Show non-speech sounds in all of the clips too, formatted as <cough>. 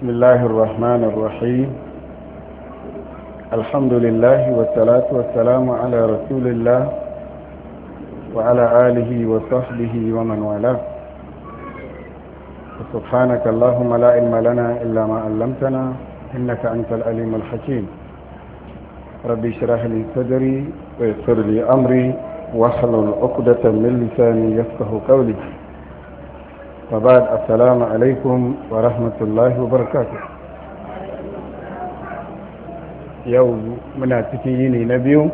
بسم الله الرحمن الرحيم الحمد لله والصلاة والسلام على رسول الله وعلى آله وصحبه ومن والاه سبحانك اللهم لا علم لنا إلا ما علمتنا إنك أنت العليم الحكيم ربي اشرح لي صدري ويسر لي أمري واحلل عقدة من لساني يفقه قولي وبعد السلام عليكم ورحمة الله وبركاته يوم من أتكيني نبيو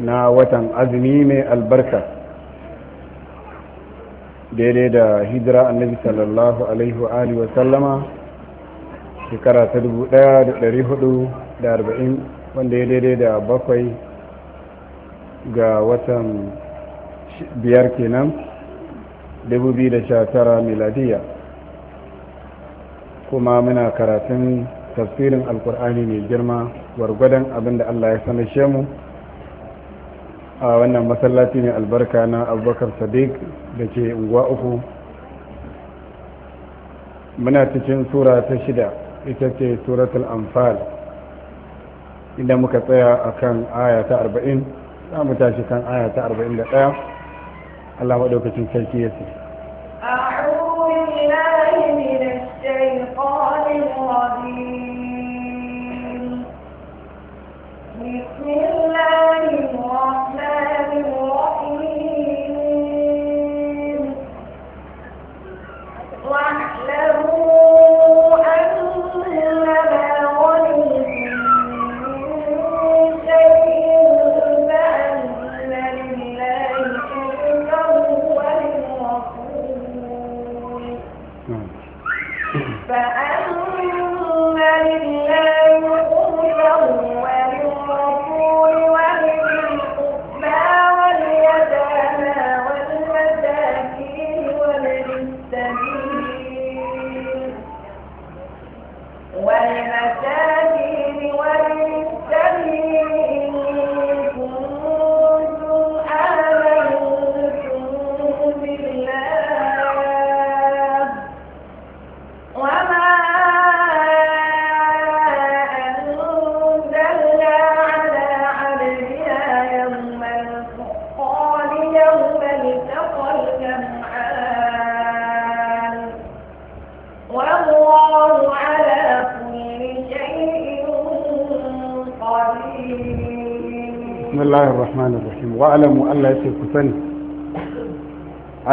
na watan azumi mai albarka daidai da hijira annabi sallallahu alaihi wa sallama shekara ta dubu da da dari hudu arba'in wanda ya daidai da bakwai ga watan biyar kenan 2019 miladiya kuma muna karatun tafsirin alkur'ani mai girma gwargwadon abin da allah ya sanashe mu a wannan masallaci ne albarka na abubakar sadiq da ke unguwa uku muna cikin sura ta shida ita ce suratul amfal inda muka tsaya a kan aya ta arba'in za mu tashi kan aya ta arba'in da ɗaya allah maɗaukacin sarki ya ce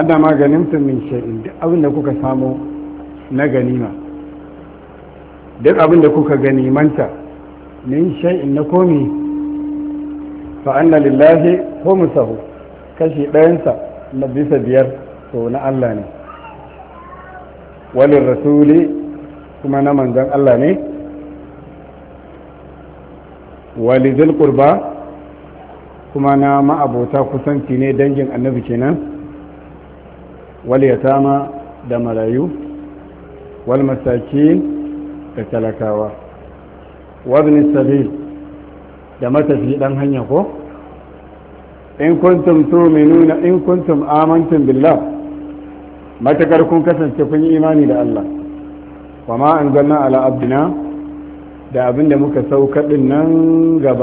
hada ma ganimtum min duk abin da kuka samu na ganima duk abin da kuka ganimanta min sha'in na komi fa anna lillahi khumsahu kashi ɗayansa na bisa biyar to na Allah ne walin rasuli kuma na manzan Allah ne walidul qurba kuma na ma'abota kusanci ne dangin annabi kenan wal da marayu wal masakin da talakawa wabni sabil da matafi dan hanya ko in kuntum tu'minuna in kuntum amantum billah matakar kun kasance kun yi imani da Allah wa ma anzalna ala abdina da abinda muka sauka din nan ga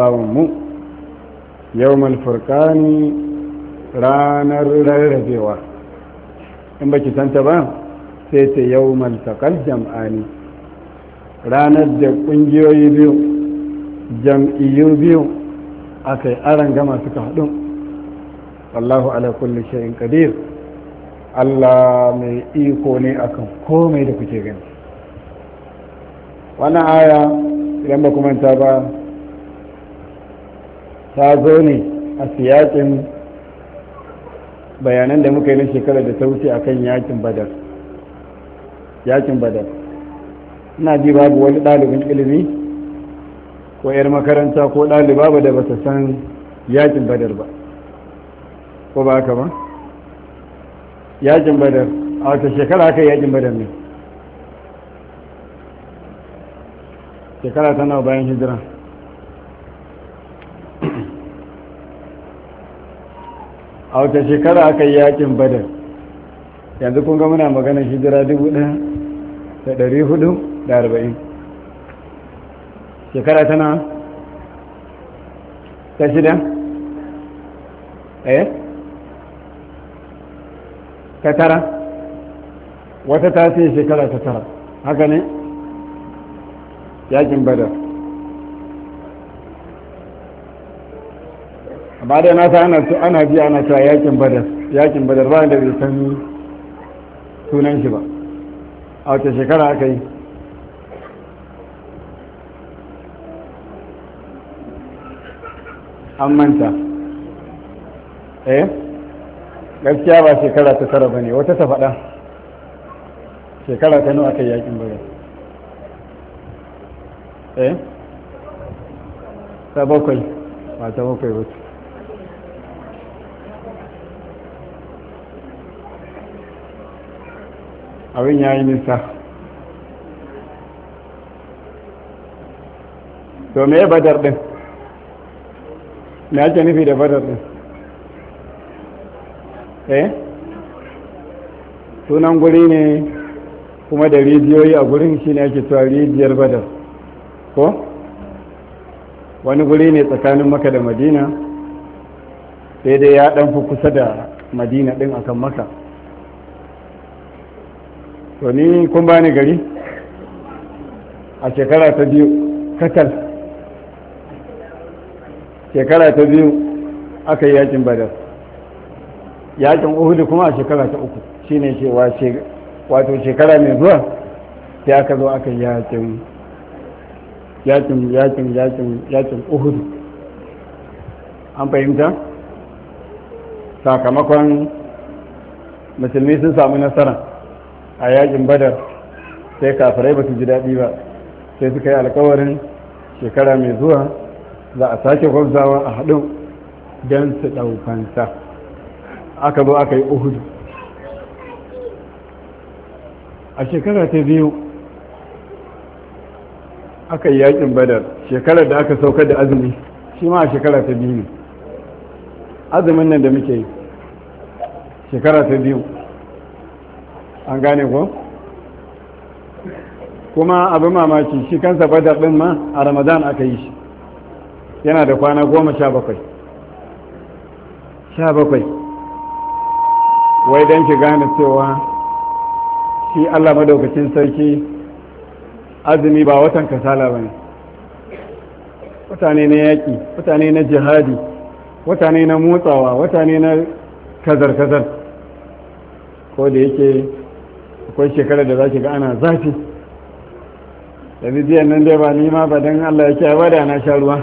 Yau yawmal furqani ranar rarrabewa in baki santa ba sai ta yau maltakal jam'ani ranar da ƙungiyoyi biyu jam'iyyu biyu aka yi aran gama suka haɗu wallahu ala kulli shay'in kadir Allah mai iko ne akan komai da kuke gani wani aya idan ba ta ba ta zo ne a siyakin bayanan da muka yi na shekarar da ta wuce akan yakin badar yakin badar ina ji babu wani ɗalibin ilimi ko 'yar makaranta ko ɗaliba ba da ba ta san yakin badar ba ko ba haka ba yakin badar a wata shekara aka yakin badar ne shekara tana bayan hijira a wata shekara aka yi yakin badar yanzu kun ga muna magana hijira dubu ɗaya da ɗari da arba'in shekara tana ta shida eh ta tara wata ta shekara ta tara haka ne yakin badar amma da na ana su ana biya ana cewa yakin badar yakin badar ba da bai san sunan shi ba a wata shekara aka yi an manta eh gaskiya ba shekara ta tara ba ne wata ta faɗa shekara ta nawa aka yi yakin badar eh ta bakwai ba ta bakwai ba abin ya yi nisa to me ya badar din me ake nufi da badar din eh sunan guri ne kuma da rijiyoyi a gurin shi ne ake cewa rijiyar badar ko wani guri ne tsakanin maka da madina sai dai ya ɗan fi kusa da madina ɗin akan maka to ni kun bani gari a shekara ta biyu katal shekara ta biyu aka yi yakin badar yakin uhudu kuma a shekara ta uku shine cewa wato shekara mai zuwa sai aka zo aka yi yakin yakin yakin yakin yakin uhudu an fahimta sakamakon musulmi sun samu nasara a yakin badar sai kafirai ba su ji daɗi ba sai suka yi alkawarin shekara mai zuwa za a sake kwamzawa a haɗu don su ɗaukansa aka zo aka yi uhudu a shekara ta biyu aka yi yakin badar shekarar da aka saukar da azumi shi ma a shekara ta biyu ne azumin nan da muke yi shekara ta biyu an gane ko kuma abin mamaki shi kansa badar din ma a ramadan aka yi shi yana da kwana goma sha bakwai sha bakwai wai don ki gane cewa shi allah madaukakin sarki azumi ba watan kasala ba ne mutane na yaƙi mutane na jihadi mutane na motsawa mutane na kazar-kazar ko da yake akwai shekarar da za ki ga ana zafi da jiyan nan dai ba nima ba don allah ya ce ba da na sha ruwa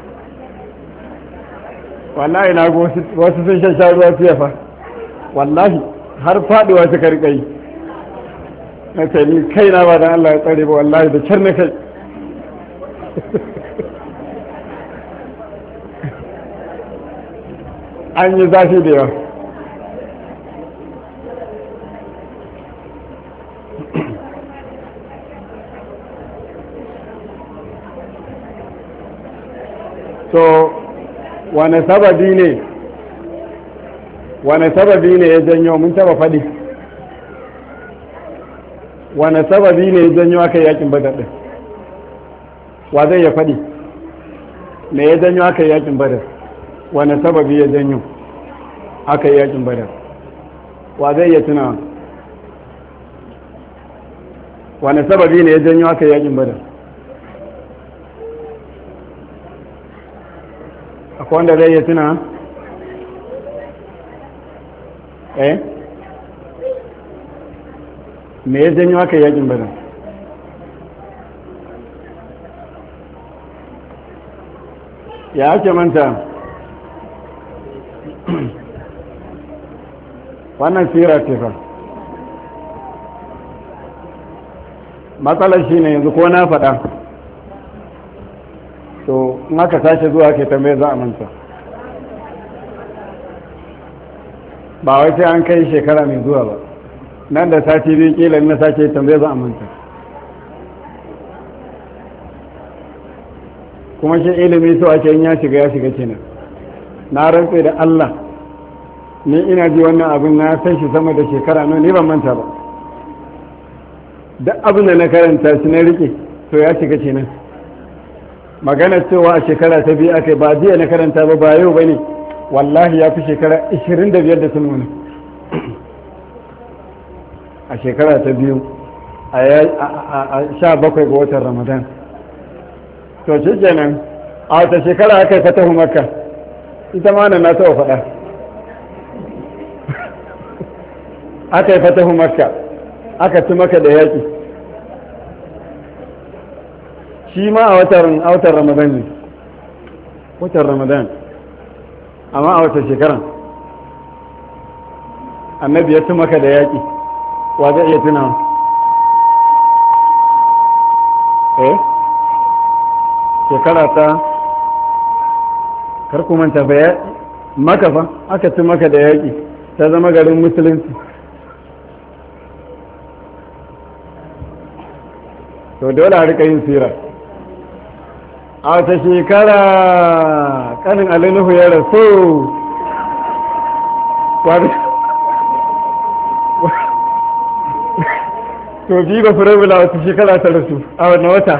<laughs> wallahi na wasu sun sha sha ruwa fiye fa wallahi har faduwa su karkai na ce ni kai na ba don allah ya tsare ba wallahi da kyar na kai <laughs> an yi zafi da yawa to wane sababi ne wane sababi ne ya janyo mun taba faɗi wane sababi ne ya janyo aka yakin badar ɗin wa zai ya faɗi me ya janyo aka yakin badar wane sababi ya janyo aka yakin badar wa zai ya tunawa wane sababi ne ya janyo aka yakin badar akwai wanda zai iya tuna eh me ya janyo haka yakin badar ya ake manta <clears throat> wannan tsira ce fa matsalar shi ne yanzu ko na faɗa in sashe zuwa ke tambaye za a manta ba wai sai an kai shekara mai zuwa ba nan da sati biyu kila na sake tambaye za a manta kuma shi ilimi so ake yin ya shiga ya shiga kenan na rantse da Allah ni ina ji wannan abin na san shi sama da shekara nan ni ban manta ba duk abin da na karanta shi na rike to ya shiga kenan magana cewa a shekara ta biyu aka ba jiya na karanta ba ba yau bane wallahi ya fi shekara 25 da sun wani a shekara ta biyu a sha bakwai ga watan ramadan to shi kenan a wata shekara aka yi fatahu makka ita ma na taɓa faɗa <laughs> aka yi fatahu makka aka ci maka da yaƙi shi ma a watan ramadan ne watan ramadan amma a watan shekaran annabi ya maka da yaƙi wa zai iya tuna eh shekara ta karkumanta baya maka fa aka ci maka da yaƙi ta zama garin musulunci to dole a rika yin sirar a wata shekara kanin alinuhu ya rasu <laughs> to bi ba furabula wata shekara ta rasu a wani wata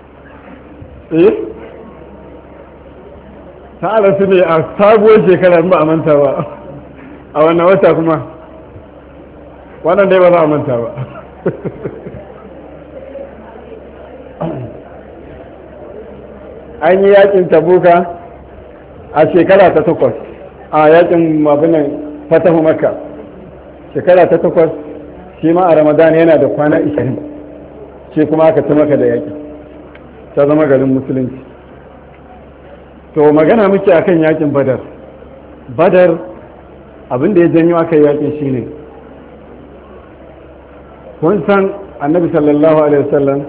<laughs> eh? ta rasu ne a sabuwar shekara ba a manta ba a wani wata kuma wannan dai ba za a manta ba <laughs> an yi yakin tabuka a shekara ta takwas a yakin mabinan fatahu makka shekara ta takwas shi ma a ramadan yana da kwana 20 shi kuma aka ci maka da yaki ta zama garin musulunci to magana muke akan yakin badar badar abin da ya janyo aka yakin ne. kun san annabi sallallahu alaihi wasallam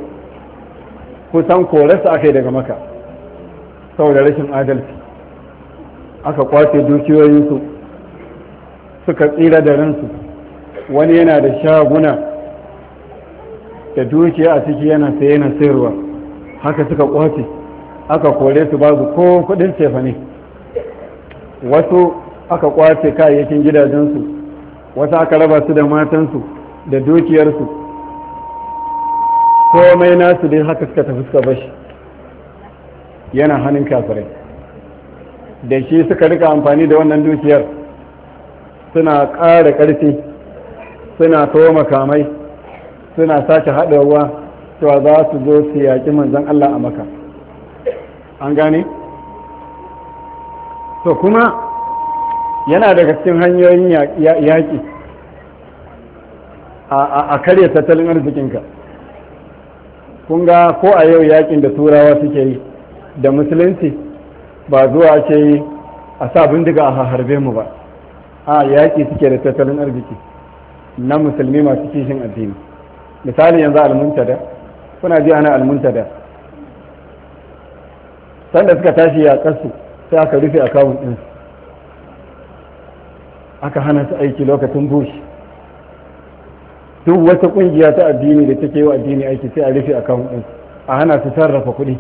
kusan korarsa aka yi daga maka saboda rashin adalci aka kwace dukiyoyinsu suka tsira da ransu wani yana da shaguna da dukiya a ciki yana sai yana sayarwa haka suka kwace aka kore su babu ko kudin cefane wasu aka kwace kayayyakin gidajensu wasu aka raba su da matansu da dukiyarsu komai nasu dai haka suka tafi suka bashi yana hannun kafirai da shi suka rika amfani da wannan dukiyar suna ƙara ƙarfi suna towa makamai suna sake haɗarwa cewa za su zo su yaƙi manzan Allah a maka an gane? to kuma yana daga cikin hanyoyin yaƙi a karya tattalin arzikinka kun ga ko a yau yaƙin da turawa suke yi da musulunci ba zuwa ce a sa bindiga a harbe mu ba a yaƙi suke da tattalin arziki na musulmi masu kishin addini misali yanzu almuntada kuna ji ana almuntada sanda suka tashi ya kasu sai aka rufe akawun ɗinsu aka hana su aiki lokacin bush duk wata ƙungiya ta addini da take yi wa addini aiki sai a rufe akawun ɗinsu a hana su sarrafa kuɗi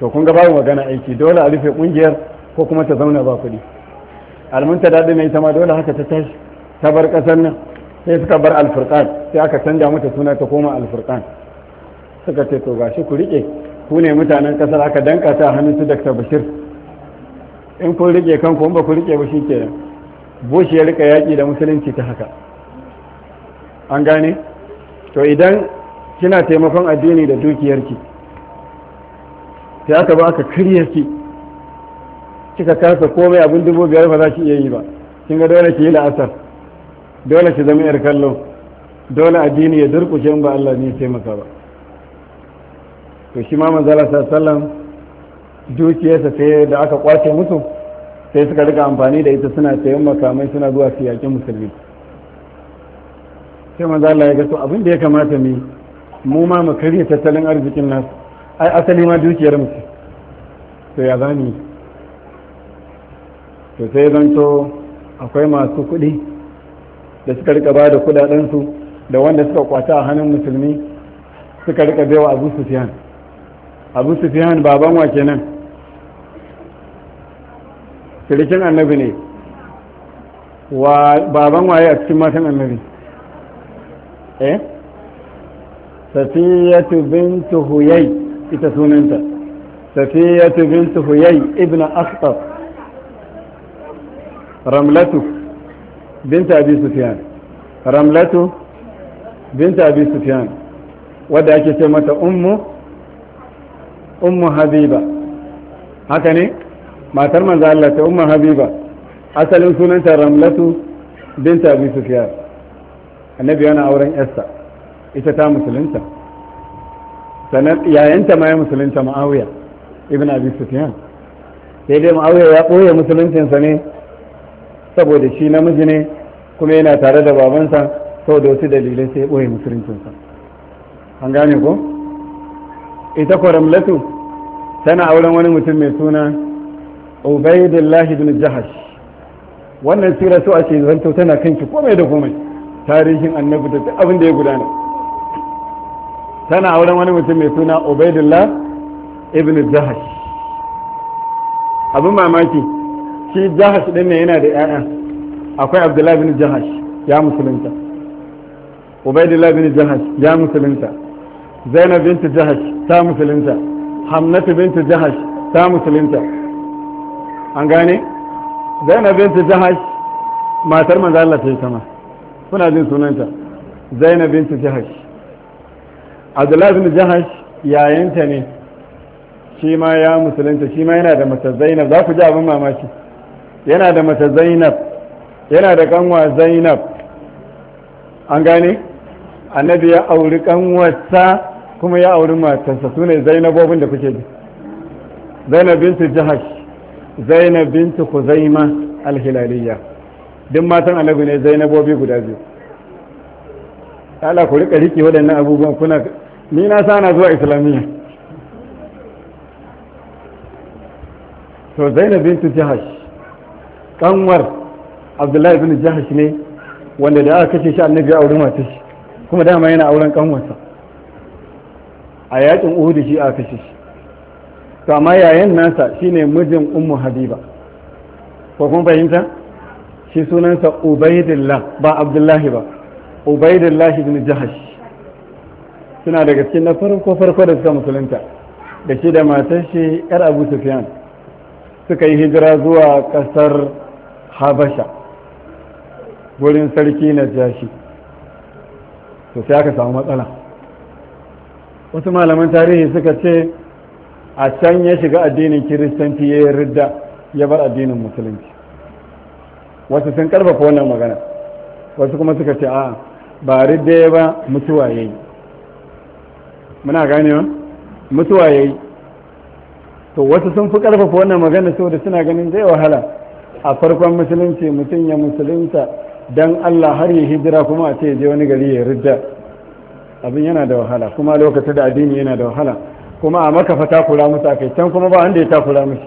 to kun ga babu magana aiki dole a rufe kungiyar ko kuma ta zauna ba kuɗi almunta daɗi na ita ma dole haka ta tashi ta bar ƙasar nan sai suka bar alfurkan sai aka canja mata suna ta koma alfurkan suka ce to gashi ku riƙe ku ne mutanen ƙasar aka danka ta hannun su dr bashir in kun riƙe kanku in ba ku riƙe ba shi ke bush ya rika yaƙi da musulunci ta haka an gane to idan kina taimakon addini da dukiyarki sai aka ba aka karya ki kika kasa komai abin dubu biyar ba za ki iya yi ba kin ga dole ki yi la'asar dole ki zama yar kallo dole addini ya durkushe in ba Allah ne ya taimaka ba to shi ma manzala sallam dukiyarsa sai da aka kwace musu sai suka rika amfani da ita suna sayan makamai suna zuwa su yaƙi musulmi sai manzala ya ga to abin ya kamata mu mu ma mu karya tattalin arzikin nasu ai asali ma dukiyar mu to ya zani to sai zanto akwai masu kuɗi da suka rika ba da kuɗaɗensu da wanda suka kwata a hannun musulmi suka rika baiwa abu sufiyan abu sufiyan baban wa kenan sirikin annabi ne wa baban waye a cikin matan annabi eh safiyatu bintu huyai ita sunanta safiyatu bintu huyay ibn akhtar ramlatu bint abi sufyan ramlatu bint abi sufyan wadda ake ce mata ummu ummu habiba haka ne matar manzo Allah ta ummu habiba asalin sunanta ramlatu bint abi sufyan annabi yana auren yarsa ita ta musulunta sannan yayanta ma ya musulunta ma'awiya ibn abi sufyan sai dai ma'awiya ya ɓoye musuluncinsa ne saboda shi namiji ne kuma yana tare da babansa saboda wasu dalilai sai ya ɓoye musuluncinsa an gane ko ita kwaramlatu tana auren wani mutum mai suna ubaidullahi bin jahash wannan tsira su a ce zanto tana kanki komai da komai tarihin annabi da abin da ya gudana tana auren wani mutum mai suna ubaidullah ibn jahash abin mamaki shi jahash din ne yana da 'ya'ya akwai Abdullah bin jahash ya musulunta ubaidullah bin jahash ya musulunta zainab bintu jahash ta musulunta hamnatu bin jahash ta musulunta an gane zainab bintu jahash matar manzo Allah ta yi sama kuna jin sunanta zainab bintu jahash abdullahi bin jahash yayanta ne shi ma ya musulunta shi ma yana da mata zainab za ku ji abin mamaki yana da mata zainab yana da kanwa zainab an gane annabi ya auri kanwarsa kuma ya auri matarsa su ne zainabobin da kuke ji zainab bintu jahash zainab bintu kuzaima alhilaliya duk matan annabi ne zainabobi guda biyu Allah ku rika riki waɗannan abubuwan kuna ni na sana zuwa islamiyya to zainab bintu jahash kanwar abdullahi bin jahash ne wanda da aka kashe shi annabi ya auri matar shi kuma dama yana auren kanwarsa a yakin uhud shi aka kashe shi to amma yayan nasa shine mijin ummu habiba ko kun fahimta shi sunansa ubaidillah ba abdullahi ba ubaidillah bin jahash suna daga cikin na farko farko da suka musulunta da shi da matan shi yar abu sufyan suka yi hijira zuwa kasar habasha wurin sarki na jashi to sai aka samu matsala wasu malaman tarihi suka ce a can ya shiga addinin kiristanci ya yi ridda ya bar addinin musulunci wasu sun karfafa wannan magana wasu kuma suka ce a ba ridda ya ba mutuwa ya yi muna ganewa mutuwa ya yi. to wasu sun fi karfafa wannan magana saboda suna ganin zai wahala a farkon musulunci mutum ya musulunta don Allah har ya hijira kuma a ce je wani gari ya rida abin yana da wahala kuma lokacin da addini yana da wahala kuma a maka fa takura musu kai can kuma ba wanda ya takura musu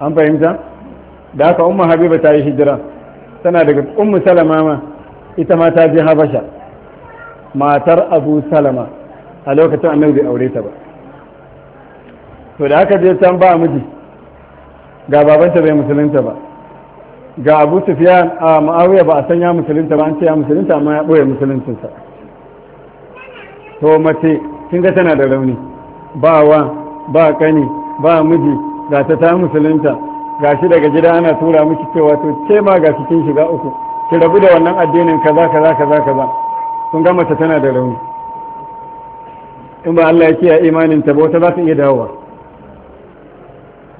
an fahimta da haka umma habiba ta yi hijira tana daga ummu salama ma ita ma ta je habasha matar abu salama a lokacin annabi bai aure ta ba to da aka je can ba miji ga babanta bai musulunta ba ga abu sufyan a ma'awiya ba a san ya musulunta ba an ce ya musulunta amma ya ɓoye sa. to mace kin ga tana da rauni ba wa ba kani ba miji ga ta ta musulunta ga shi daga gida ana tura miki cewa to ce ma ga cikin shiga uku ki rabu da wannan addinin kaza kaza kaza kaza kun ga mace tana da rauni in ba Allah ya kiyaye imanin ta ba za ta iya dawowa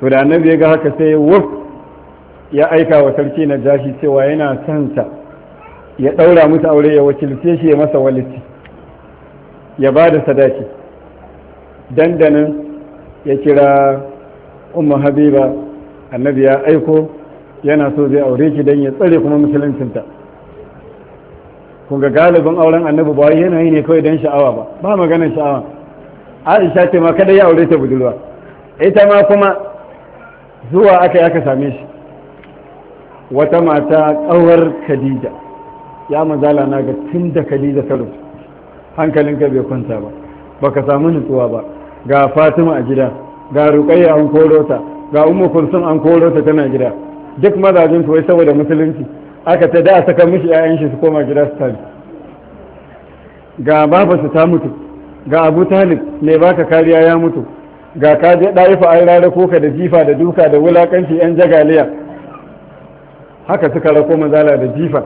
to da annabi ya ga haka sai wuf ya aika wa sarki na jashi cewa yana son ta ya daura musu aure ya wakilce shi ya masa walici ya ba da sadaki dandanan ya kira umma habiba annabi ya aiko yana so zai aure ki dan ya tsare kuma musuluncinta kun ga galibin auren annabi ba yana ne kawai don sha'awa ba ba maganin sha'awa aisha ce ma kada ya aure ta budurwa ita ma kuma zuwa aka aka same shi wata mata kawar khadija ya mazala na ga tun da khadija ta hankalin hankalinka bai kwanta ba baka samu nutsuwa ba ga fatima a gida ga ruqayya an koro ga umu kursun an korota tana gida duk mazajin wai saboda musulunci aka ta da saka mishi yayan shi su koma gida su tabi ga su ta mutu ga abu talib mai baka kariya ya mutu ga ka je ɗaifa an rara koka da jifa da duka da wulakanci yan jagaliya haka suka rako mazala da jifa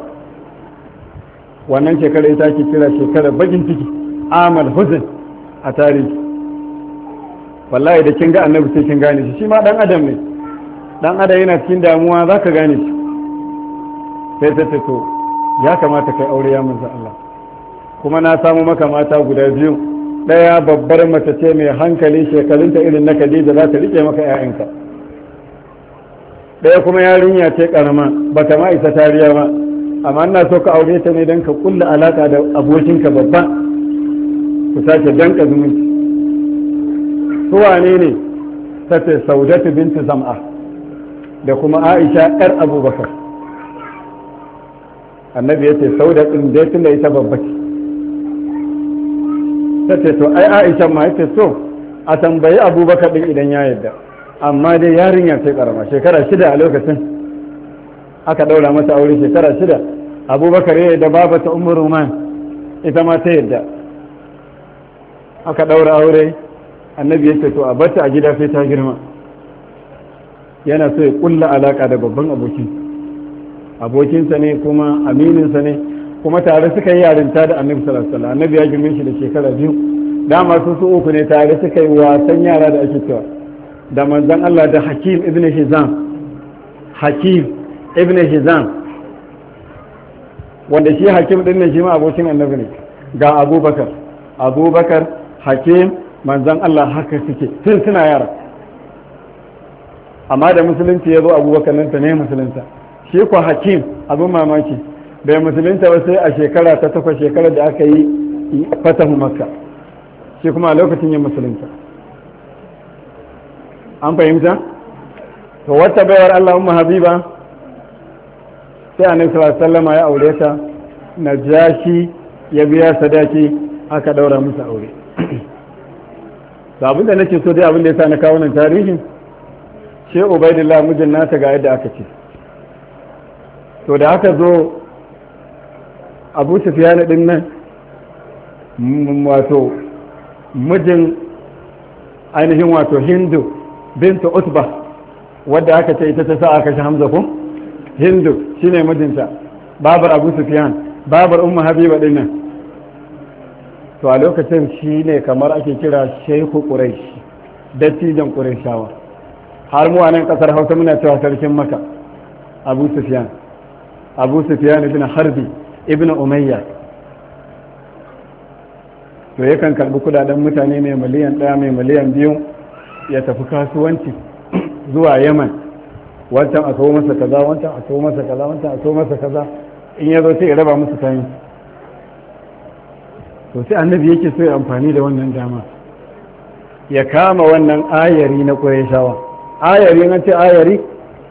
wannan shekara ita ke kira shekarar bakin ciki amal Hussein a tarihi wallahi da kin ga annabi sai kin gane shi shi ma dan adam ne dan adam yana cikin damuwa zaka gane shi sai ta ce to ya kamata kai aure ya manzo Allah kuma na samu maka mata guda biyu ɗaya babbar mace ce mai hankali shekarunta irin na Khadija za ta rike maka ƴaƴanka ɗaya kuma yarinya ce karama bata ma isa tariya ba amma ina so ka aure ta ne don ka kulla alaka da abokinka babba ku sake danka zumunci su wane ne ta ce saudatu bintu sam'a da kuma aisha yar abubakar annabi ya ce da ɗin dai da ita babba ce ta ce to ai aisha ma ya ce so a tambayi abubakar ɗin idan ya yadda amma dai yarinyar ce karama shekara shida a lokacin aka ɗaura masa aure shekara shida abubakar ya yadda babu ta umar ruman ita ma ta yadda aka ɗaura aure annabi ya ce to a bata a gida sai ta girma yana so ya kulla alaka da babban abokin abokinsa ne kuma amininsa ne kuma tare suka yi yarinta da annabi sallallahu alaihi wasallam annabi ya girme shi da shekara biyu dama su su uku ne tare suka yi wasan yara da ake cewa da manzon Allah da Hakim ibn Hizam Hakim ibn Hizam wanda shi Hakim din ne shi ma abokin annabi ne ga Abubakar Abubakar Hakim manzon Allah haka suke tun suna yara amma da musulunci ya zo abubakar nan ta ne musulunta shi ku hakim abin mamaki bai musulunta ba sai a shekara ta takwas shekara da aka yi fatahu makka shi kuma a lokacin yin musulunta an fahimta to wata baiwar Allah umma habiba sai annabi sallallahu sallama ya aure ta najashi ya biya sadaki aka daura musu aure to abin da nake so dai abin da ya sa na kawo nan tarihin she ubaidillah mijin nata ga yadda aka ce to da aka zo abu sufiyana din nan wato mijin ainihin wato hindu binta utba wadda aka ce ita ta sa aka shi hamza ku? hindu shine mijinta babar abu sufiyan babar umma habiba din nan to a lokacin shi ne kamar ake kira shehu ƙuraishi dattijan ƙuraishawa har mu a ƙasar hausa muna cewa sarkin maka abu sufiyan abu sufyan ibn harbi ibn umayya to yakan karbi kudaden mutane mai miliyan ɗaya mai miliyan biyu ya tafi kasuwanci <clears throat> zuwa yaman wancan a kawo masa kaza wancan a kawo masa kaza wancan a kawo masa kaza in ya zo sai ya raba musu kayan to sai annabi yake so ya amfani da wannan dama ya kama wannan ayari na ƙurayshawa ayari na ce ayari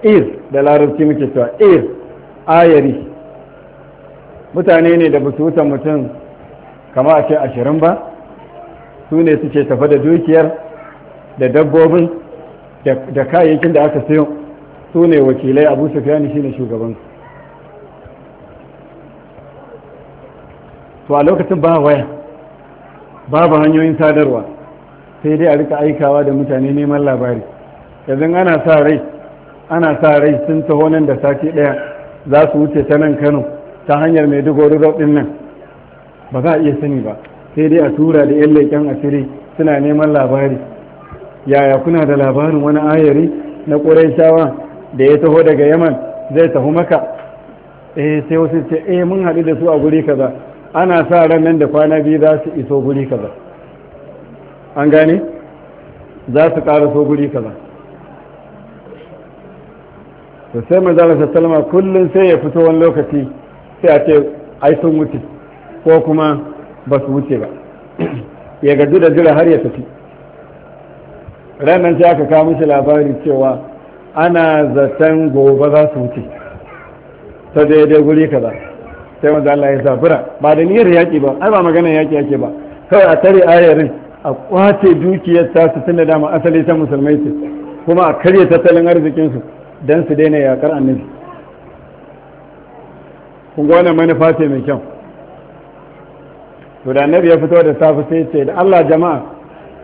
is da larabci muke cewa is ayari mutane ne da basu su wuta mutum kama a ce ashirin ba su ne su ce tafa da dukiyar da dabbobin da kayayyakin da aka sayo su ne wakilai abu su shi shine shugaban to a lokacin ba waya babu hanyoyin sadarwa sai dai a rika aikawa da mutane neman labari yanzu ana sa rai ana sa rai sun taho nan da sati ɗaya za su wuce ta nan kano ta hanyar maiduguri road nan ba za a iya sani ba sai dai a tura da yan leƙen asiri suna neman labari yaya kuna da labarin wani ayari na ƙuraishawa da ya taho daga yaman zai taho maka eh sai wasu ce eh mun haɗu da su a guri kaza ana sa ran nan da kwana biyu za su iso guri kaza an gane za su ƙara so guri kaza to sai manzala sallama kullum sai ya fito wani lokaci sai a ce ai sun wuce ko kuma ba su wuce ba <clears throat> ya gadu da jira har ya tafi ranar sai aka kawo mishi labari cewa ana zaton gobe za su wuce ta daidai guri kaza sai manzo Allah ya zabura ba da niyyar yaƙi ba ai ba magana yaƙi yake ba kawai a tare ayarin a kwace dukiyar tasu tun da dama asali ta musulmai ce kuma a karya tattalin arzikinsu Dan su daina yakar annabi kun ga wannan manufa ce mai kyau to da annabi ya fito da safe sai ce da Allah jama'a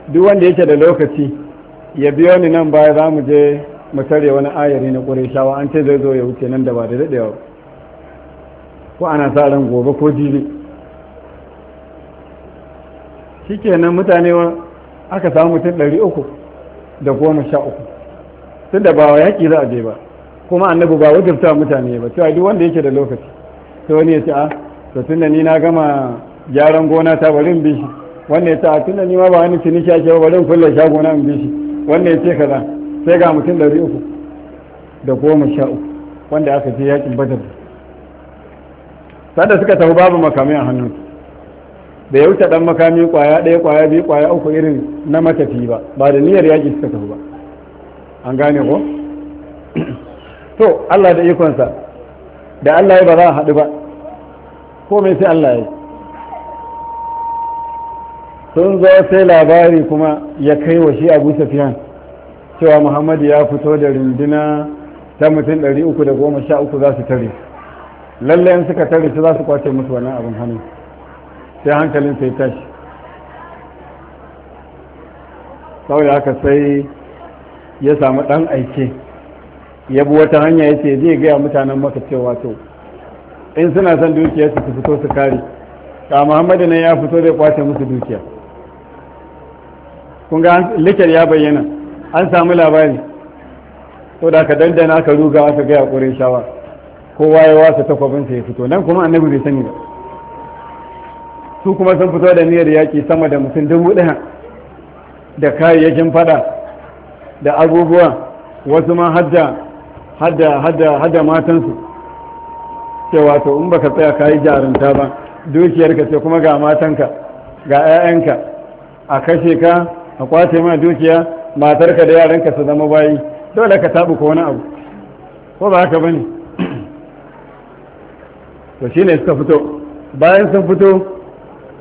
duk wanda yake da lokaci ya biyo ni nan baya za mu je mu tare wani ayari na ƙureshawa an ce zai zo ya wuce nan da ba da daɗewa ko ana sa ran gobe ko jibi shikenan mutane aka samu mutum ɗari uku da goma sha uku tunda ba wa yaƙi za a je ba kuma annabi ba wajabta mutane ba cewa duk wanda yake da lokaci to wani ya ce a ah, to tunda ni na gama gyaran gona ta bari in bi shi wanda ya ce a ah, tunda ni ma ba wani ciniki ake ba bari in kulle shago na in bi shi wanda ya ce kaza sai ga mutum ɗari uku da goma sha uku wanda aka je yaƙin badar sanda suka tafi babu makami a hannun da ya wuce dan makami kwaya ɗaya kwaya biyu kwaya uku irin na matafi ba ba da niyyar yaƙi suka tafi ba an gane ko to Allah da ikonsa da Allah ya ba za a haɗu ba ko me sai Allah ya sun zo sai labari kuma ya kai wa shi abu safiyan cewa muhammadu ya fito da rindina ta mutum 313 za su tare lallai in suka tare su za su kwace musu wannan abin hannu sai hankalin sai tashi saboda haka sai ya samu ɗan aike ya bi wata hanya ya ce zai gaya mutanen maka cewa to in suna son dukiya su fito su kare ka muhammadu ne ya fito zai kwace musu dukiya kun ga likar ya bayyana an samu labari to da ka dandana aka ruga aka gaya ƙurin shawa kowa ya wasa takwabinsa ya fito nan kuma annabi bai sani ba su kuma sun fito da niyyar yaƙi sama da mutum dubu ɗaya da kayayyakin fada da abubuwa wasu ma hadda hadda hadda hadda matansu ce wato in baka tsaya ka yi jarunta ba dukiyarka ce kuma ga matanka ga 'ya'yanka a kashe ka a kwace ma dukiya matarka da yaranka su zama bayi dole ka tabu ko wani abu ko ba haka bane to shine suka fito bayan sun fito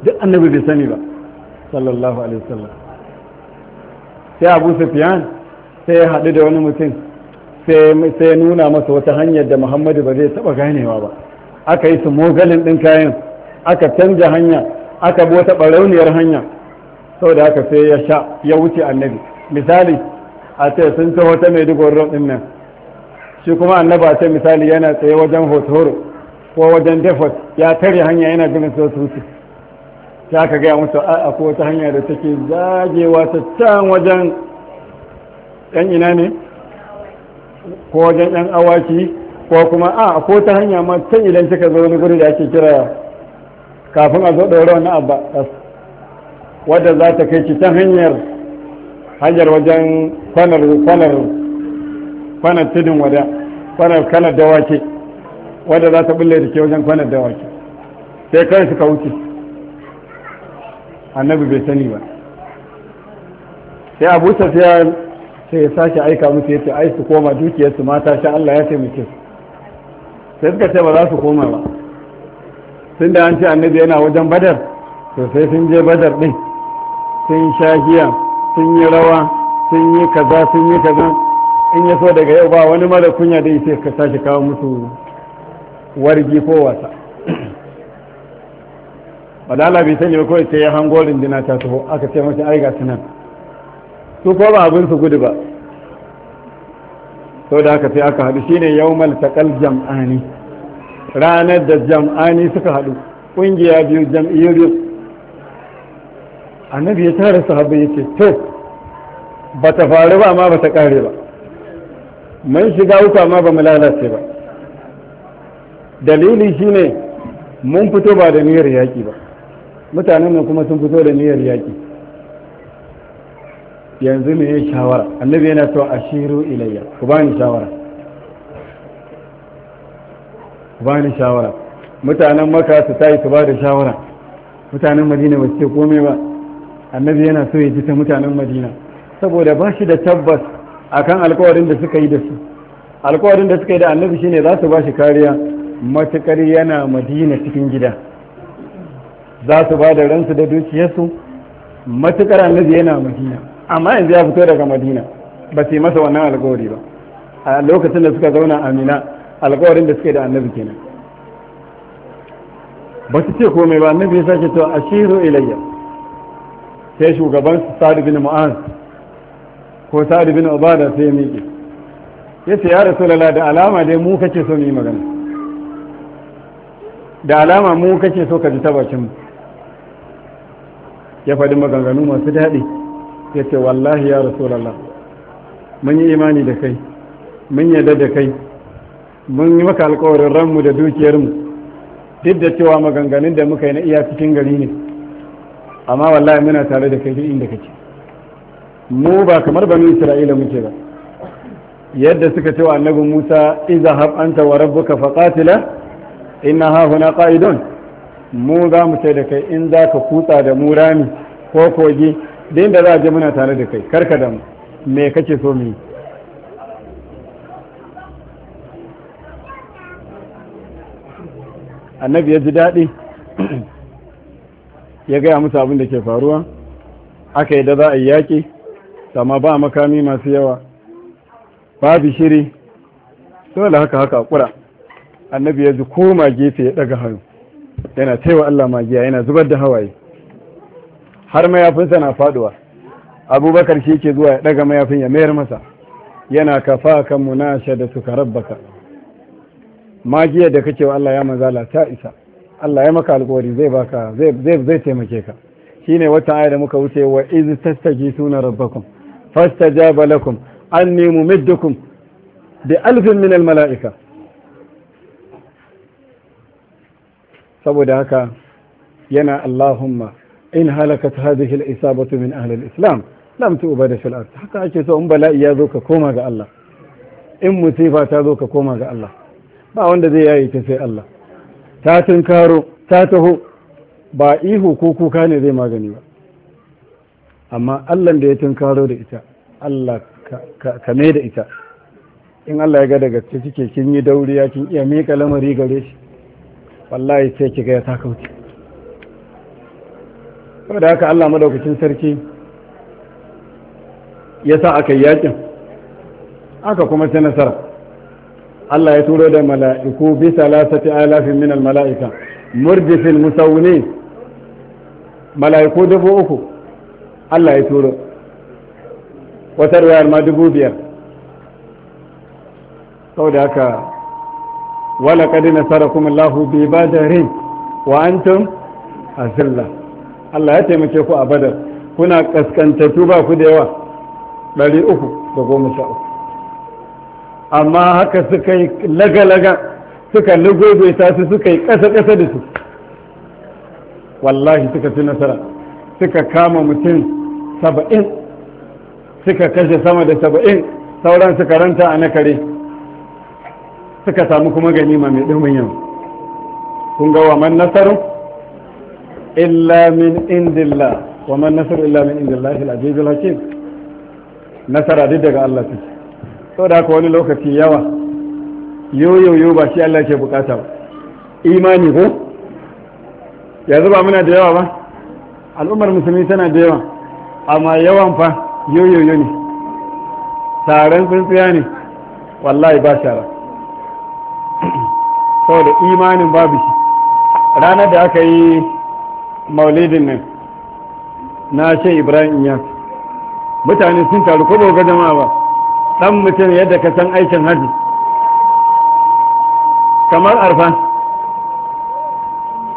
duk annabi bai sani ba sallallahu alaihi wasallam sai abu sufyan sai ya haɗu da wani mutum sai ya nuna masa wata hanyar da muhammadu ba zai taɓa ganewa ba aka yi su mogalin ɗin kayan aka canja hanya aka bi wata ɓarauniyar hanya saboda haka sai ya sha ya wuce annabi misali a ce sun ta wata mai dugon ron ɗin nan shi kuma annaba ce misali yana tsaye wajen hotoro ko wajen defot ya tare hanya yana ganin su wuce ta ka gaya musu a ko wata hanya da take zagewa ta can wajen yan ina ne ko wajen yan awaki ko kuma a ko ta hanya ma ta idan kika zo wani guri da ake kira kafin a zo ɗaura wani abu wadda za ta kai ki ta hanyar hanyar wajen kwanar kwanar kwanar tudun wada kwanar kanar dawaki wadda za ta bulle da ke wajen kwanar dawaki sai kawai suka wuce annabi bai sani ba sai abu safiyar sai ya sake aika musu ya ce ai su koma dukiyarsu mata sha Allah ya taimake su sai suka ce ba za su koma ba tun da an ce annabi yana wajen badar to sai sun je badar din sun sha giya sun yi rawa sun yi kaza sun yi kaza in ya so daga yau ba wani mara kunya dai sai ka sake kawo musu wargi ko wasa wadala bai sanya kawai sai ya hango rindina ta taho aka ce mashi ai ga sunan su ko ba abin su gudu ba sau da aka sai aka haɗu shine yawmal taqal jam'ani ranar da jam'ani suka haɗu ƙungiya biyu jam'iyyar biyu annabi ya tara sahabbai ya ce to ba ta faru ba amma ba ta ƙare ba mun shiga uku amma ba mu lalace ba dalili shine mun fito ba da niyyar yaƙi ba mutanen nan kuma sun fito da niyyar yaƙi yanzu me ya shawara annabi yana a shiru ilayya ku bani shawara ku bani shawara mutanen maka su tayi su bada shawara mutanen madina ba su ce komai ba annabi yana so ya ji ta mutanen madina saboda ba shi da tabbas akan alkawarin da suka yi da su alkawarin da suka yi da annabi shine za su ba shi kariya matukar yana madina cikin gida za su ba da ransu da dukiyarsu matukar annabi yana madina amma yanzu ya fito daga madina ba su yi masa wannan alkawari ba a lokacin da suka zauna a mina alkawarin da suke da annabi kenan ba su ce komai ba annabi ya sake a shiru ilayya sai shugaban sa'ad bin mu'az ko sa'ad bin ubada sai ya miƙe yace ya rasulullah da alama dai mu kake so mu yi magana da alama mu kake so ka ji tabacin ya faɗi maganganu masu daɗi ya ce wallahi ya rasulallah mun yi imani da kai mun yadda da kai mun yi maka alkawarin ranmu da dukiyarmu duk da cewa maganganun da muka yi na iya cikin gari ne amma wallahi muna tare da kai duk inda kake mu ba kamar bani isra'ila muke ba yadda suka cewa annabi musa izahab anta wa rabbuka faqatila inna ha huna qa'idun mu za mu ce da kai in za ka kutsa da mu rami ko kogi da inda za a je muna tare da kai karka da me kake so mu yi annabi ya ji daɗi <clears throat> ya gaya musu abin da ke faruwa aka yi da za a yi yaƙi sama ba makami masu yawa babu shiri da haka haka kura annabi ya ji koma gefe ya ɗaga hannu yana taiwa Allah magiya yana zubar da hawaye har mayafinsa na faduwa abubakar shi ke zuwa ya daga mayafin ya mayar masa yana kafa kan munasha da suka rabbaka magiyar da kake wa Allah ya manzala ta isa Allah ya maka alƙawari zai baka zai taimake ka shine wata aya da muka wuce wa iz tastajisuna rabbakum fastajaba lakum anni mumiddukum bi alfin min almala'ika mala'ika saboda haka yana Allahumma in halakat hadhihi al-isabatu min ahli al-islam lam da fil ard haka ake so in bala'i ya zo ka koma ga Allah in musifa ta zo ka koma ga Allah ba wanda zai yayi ta sai Allah ta tunkaro ta taho ba ihu ko kuka ne zai magani ba amma Allah da ya tunkaro da ita Allah ka me da ita in Allah ya ga daga cike kin yi dauriya kin iya mika lamari gare shi wallahi sai kiga ya ta kauce saboda haka Allah madaukakin sarki ya sa aka yi yakin aka kuma ta nasara Allah ya turo da mala'iku bi salasati alafin min mala'ika murdifin musawwini mala'iku dubu uku Allah ya turo wata ruwayar ma dubu biyar saboda haka wala kadi nasara kuma Allah bi badarin wa antum azillah Allah ya taimake ku a badar kuna kaskantattu ba ku da yawa ɗari uku da goma sha uku amma haka suka yi laga-laga suka lugobe ta su suka yi ƙasa-ƙasa da su wallahi suka fi nasara suka kama mutum saba'in suka kashe sama da saba'in sauran suka ranta a na kare suka samu kuma ganima mai ɗumin yau kun ga wa man nasarun illa min indillah wa man illa min indillahi al-aziz al-hakim nasara duk daga Allah take saboda haka wani lokaci yawa yoyoyo ba shi Allah ke bukata ba imani ko yanzu ba muna da yawa ba al'ummar musulmi tana da yawa amma yawan fa yoyoyo ne taron tsintsiya ne wallahi ba shara saboda imanin babu shi ranar da aka yi maulidin nan na ce ibrahim ya mutane sun taru ko ga jama'a ba dan mutum yadda ka san aikin haji kamar arfa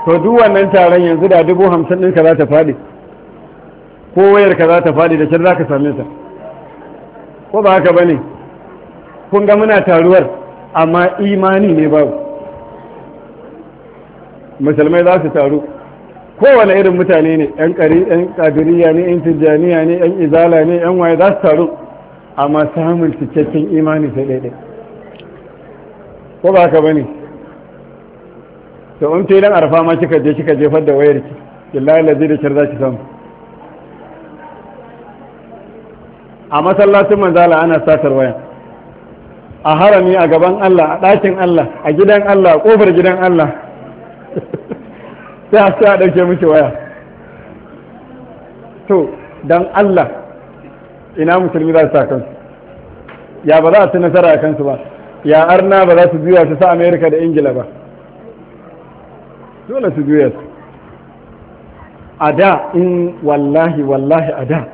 to duk wannan taron yanzu da dubu hamsin ɗinka za ta faɗi ko wayarka za ta faɗi da shi za ka same ta ko ba haka ba ne kun ga muna taruwar amma imani ne ba. musulmai za su taru kowane irin mutane ne yan ƙari yan ƙadiriya ne yan tijjaniya ne yan izala ne yan waye za su taru amma samun cikakken imani sai ɗaiɗai ko ba ka bane to in tilan arfa ma kika je kika jefar da wayar ki billahi lazi da shar za ki samu a masallacin manzala ana satar waya a harami a gaban Allah a ɗakin Allah a gidan Allah a ƙofar gidan Allah sai a a ɗauke miki waya to don Allah ina musulmi za su sa kansu ya ba za su nasara a kansu ba ya arna ba za su juya su sa amerika da ingila ba dole su juya su a da in wallahi wallahi a da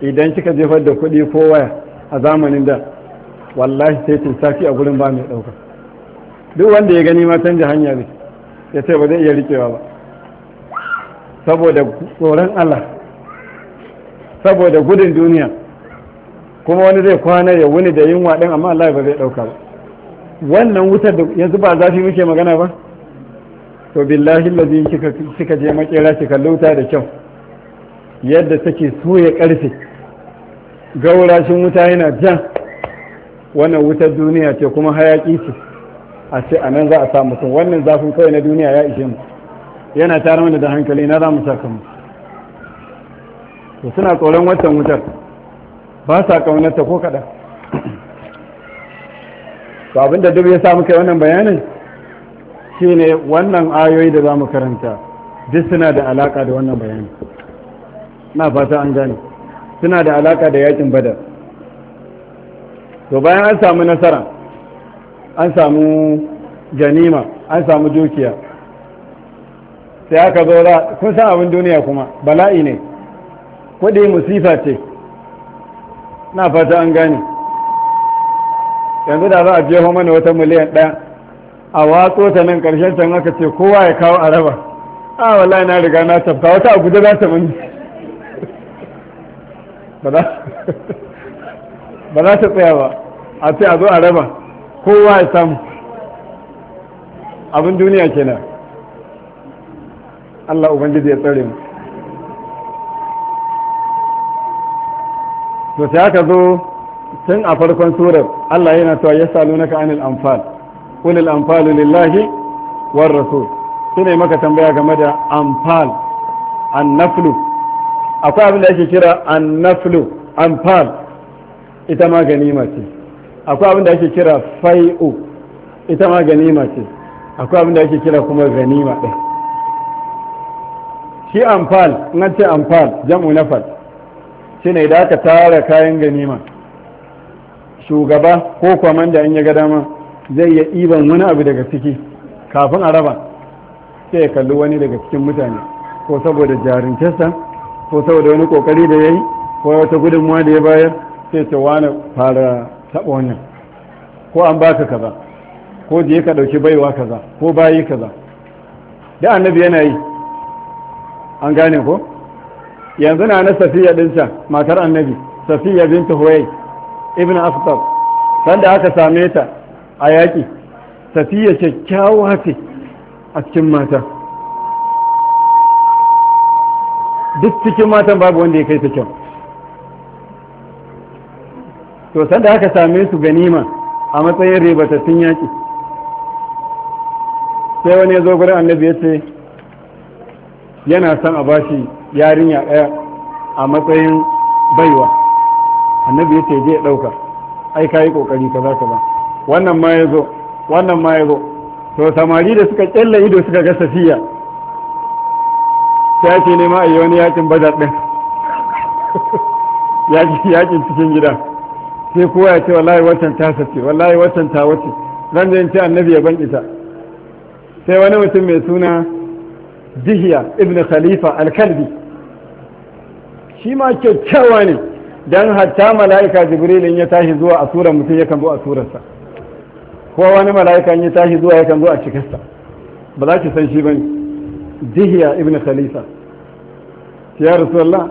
idan kika jefar da kuɗi ko waya a zamanin da wallahi sai tun safi a gurin ba mai ɗauka duk wanda ya gani ma canja hanya ne ya ce ba zai iya rikewa ba saboda tsoron Allah saboda gudun duniya kuma wani zai kwana ya wuni da yunwa ɗin amma Allah ba zai ɗauka ba wannan wutar da yanzu ba zafi muke magana ba to billahi lazi kika je makera kika lauta da kyau yadda take soya karfe gaurashin wuta yana jan wannan wutar duniya ce kuma hayaƙi ce a ce a nan za a sa mutum wannan zafin kawai na duniya ya ishe mu yana tare mana da hankali na za mu saka mu to suna tsoron wancan wutar ba sa kaunarta ko kaɗan <clears throat> to abinda duk ya sa muka yi wannan bayanin shi ne wannan ayoyi da za mu karanta duk suna da alaka da wannan bayanin na fata an gane suna da alaka da yakin badar to bayan an samu nasara an samu ganima an samu dukiya sai aka zo da kun san abin duniya kuma bala'i ne kuɗi musifa ce na fata an gane yanzu da za a jeho mana wata miliyan ɗaya a watso ta nan ƙarshen can aka ce kowa ya kawo a raba a wallahi na riga na tafka wata a guje za ta mun ba za <laughs> ta tsaya ba a ce a zo a raba kowa ya samu abin duniya kenan Allah ubangiji ya tsare mu to sai aka zo tun a farkon surar Allah yana na ka anil anfal qul al lillahi war rasul sune maka tambaya game da anfal naflu akwai abin da ake kira naflu anfal ita ma ganima ce akwai abin da ake kira fai'u ita ma ganima ce akwai abin da ake kira kuma ganima ɗin shi amfal nan ce amfal jam'u na fal shi ne da aka tara kayan ganima shugaba ko kwamanda in ya ga dama zai iya iban wani abu daga ciki kafin a raba sai ya kalli wani daga cikin mutane ko saboda jarintarsa ko saboda wani kokari da ya yi ko wata gudunmuwa da ya bayar sai ce wani fara taɓa wannan ko an baka kaza ko je ka ɗauki baiwa kaza ko bayi kaza da annabi yana yi an gane ko yanzu na na safiya ɗinta matar annabi safiya binta huwai ibn aftar sanda aka same ta a yaƙi safiya kyakkyawa ce a cikin mata duk cikin matan babu wanda ya kai ta kyau to sanda aka same su ganima a matsayin ribatattun yaƙi sai wani ya zo gurin annabi ya ce yana son a bashi yarinya ɗaya a matsayin baiwa annabi ya ce je ɗauka ai ka yi ƙoƙari ka za ka ba wannan ma ya zo wannan ma ya zo to samari da suka ƙyalla ido suka ga safiya ta ce nema a yi wani yakin bajar ɗin <laughs> yakin cikin gida sai kowa ya ce wallahi wancan ta sace wallahi wancan ta wuce ran da ce annabi ya ban ita sai wani mutum mai suna dihiya ibn khalifa al-kalbi shi ma kyakkyawa ne dan hatta mala'ika jibrilin ya tashi zuwa a sura mutum yakan zo a surarsa ko wani mala'ika ya tashi zuwa yakan zo a cikinsa ba za ki san shi bane dihiya ibn khalifa ya rasulullah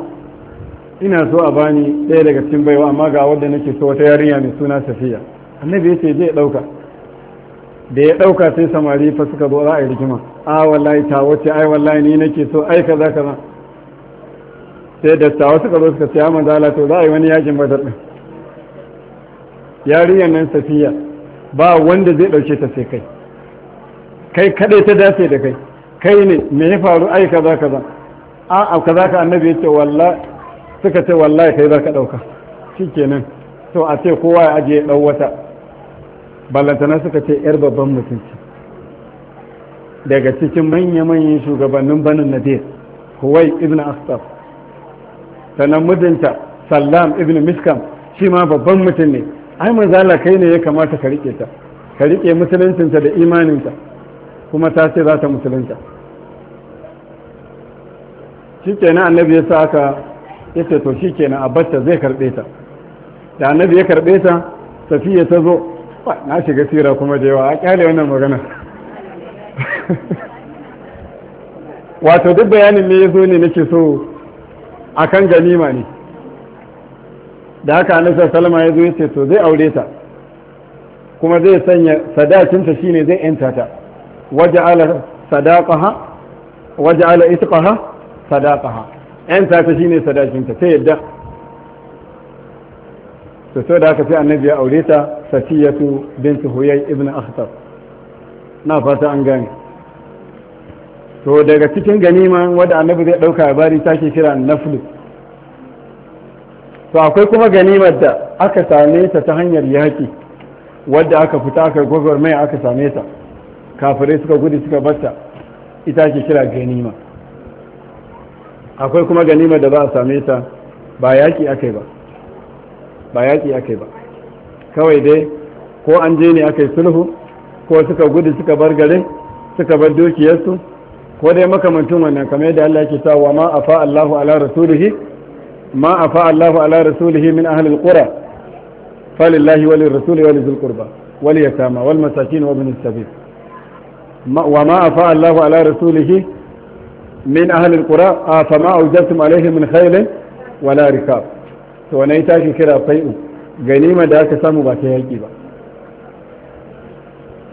ina so a bani ɗaya daga cikin baiwa amma ga wadda nake so wata yarinya mai suna safiya annabi ya ce zai ɗauka da ya ɗauka sai samari fa suka zo za a yi rigima a wallahi ta wace ai wallahi ni nake so ai kaza kaza sai da ta suka zo suka siya manzala to za a yi wani yakin badar ɗin yarinyar nan safiya ba wanda zai ɗauke ta sai kai kai kaɗai ta dace da kai kai ne me ya faru ai kaza kaza a'a kaza ka annabi yace wallahi suka ce wallahi kai zaka dauka shikenan to a ce kowa ya aje dau wata ballantana suka ce yar babban mutunci daga cikin manya-manyan shugabannin banin nadir huwai ibn akhtar sannan mijinta sallam ibn miskam shi ma babban mutum ne ai manzala kai ne ya kamata ka rike ta ka rike musuluncinta da imaninta kuma ta ce za ta musulunta shi kenan annabi ya sa aka ya ce to shi kenan zai karɓe ta da annabi ya karɓe ta safiya ta zo na shiga sira kuma da yawa a kyale wannan magana <laughs> wato duk bayanin ne ya zo ne nake so a kan ganima ne da haka annabi salama ya zo ya ce to zai aure ta kuma zai sanya sadakinta shine zai yanta ta waja'ala sadaqaha waja'ala itqaha sadaqaha 'yan safe shi ne sadakinta ta yadda to so da aka fi annabi ya aure ta safiyatu bint huyay ibn akhtar na fata an gane to daga cikin ganima wanda annabi zai dauka bari take kira naflu to akwai kuma ganimar da aka same ta ta hanyar yaki wadda aka fita aka mai aka same ta kafirai suka gudu suka bata ita ke kira ganima akwai kuma ganima da ba a same ta ba yaƙi akai ba ba yaƙi akai ba kawai dai ko an je ne akai sulhu ko suka gudu suka bar gare suka bar dukiyarsu ko dai makamantun wannan kamar yadda Allah yake sawa ma afa Allahu ala rasulihi ma afa Allahu ala rasulihi min ahli alqura falillahi walil rasuli walil qurba wal yatama wal masakin wa ibn as-sabil wa ma afa Allahu ala rasulihi min ahalin kura a fama aujabtum alaihi min khailin wala rikab to wannan tashin kira fai'u ganima da aka samu ba ta yaƙi ba